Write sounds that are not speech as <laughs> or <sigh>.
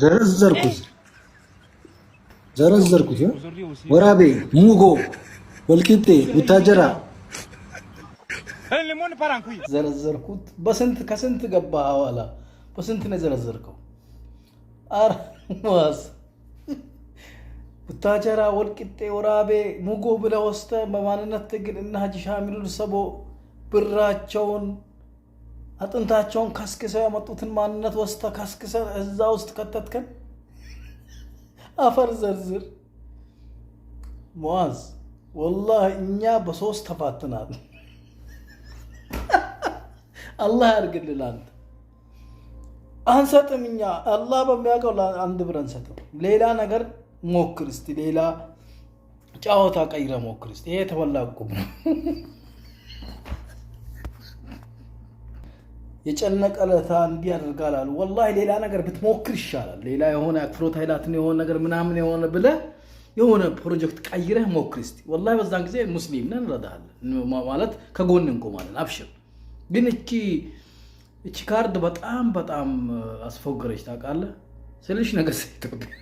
ዘረዘርኩት ዘረዘርኩት። ወራቤ፣ ሙጎ፣ ወልቂጤ፣ ቡታጀራ ዘረዘርኩት። በስንት ከስንት ገባ ኋላ በስንት ነው የዘረዘርከው? አርማስ ቡታጀራ፣ ወልቂጤ፣ ወራቤ፣ ሙጎ ብለህ ወስደህ በማንነት ትግል እና ሀጂ ሻሚሉል ሰቦ ብራቸውን አጥንታቸውን ከስክሰው ያመጡትን ማንነት ወስተ ከስክሰ እዛ ውስጥ ከተትከን አፈር ዘርዝር ሙዓዝ ወላህ እኛ በሶስት ተፋትናል። <laughs> አላህ ያርግልል። አንተ አንሰጥም፣ እኛ አላህ በሚያውቀው አንድ ብር አንሰጥም። ሌላ ነገር ሞክር እስቲ፣ ሌላ ጨዋታ ቀይረ ሞክር እስቲ። ይሄ የተበላ ነው። <laughs> የጨነቀ ለታ እንዲህ ያደርጋል አሉ። ወላሂ ሌላ ነገር ብትሞክር ይሻላል። ሌላ የሆነ አክፍሎት ኃይላትን የሆነ ነገር ምናምን የሆነ ብለ የሆነ ፕሮጀክት ቀይረህ ሞክር እስኪ። ወላሂ በዛን ጊዜ ሙስሊም ነን እንረዳሃለን ማለት ከጎን እንቆማለን። አብሽር። ግን እቺ እቺ ካርድ በጣም በጣም አስፎገረች ታውቃለህ። ስልሽ ነገር ኢትዮጵያ